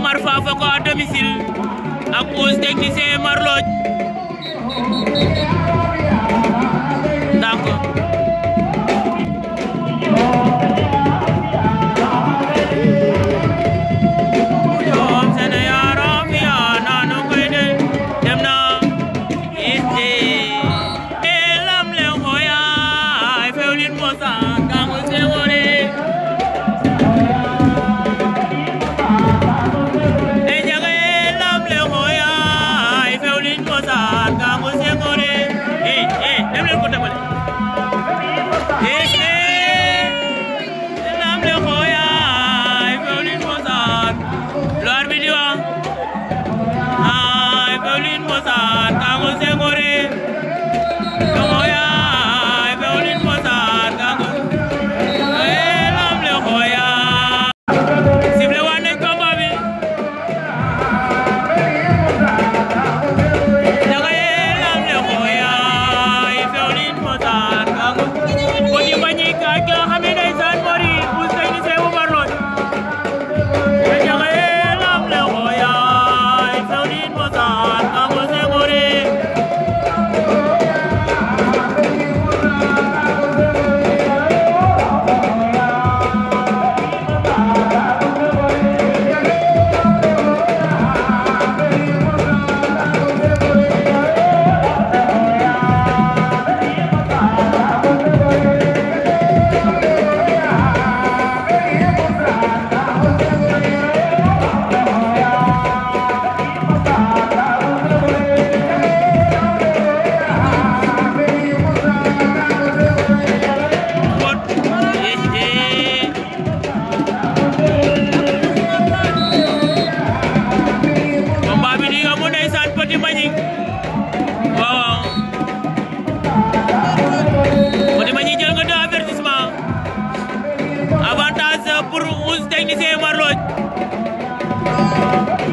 Marfa Foko ada misil aku cause di Marlotte Alegria, José Moreira. Fodé Magny jël nga deux avertissement avantage pour onze techniciens Marlodj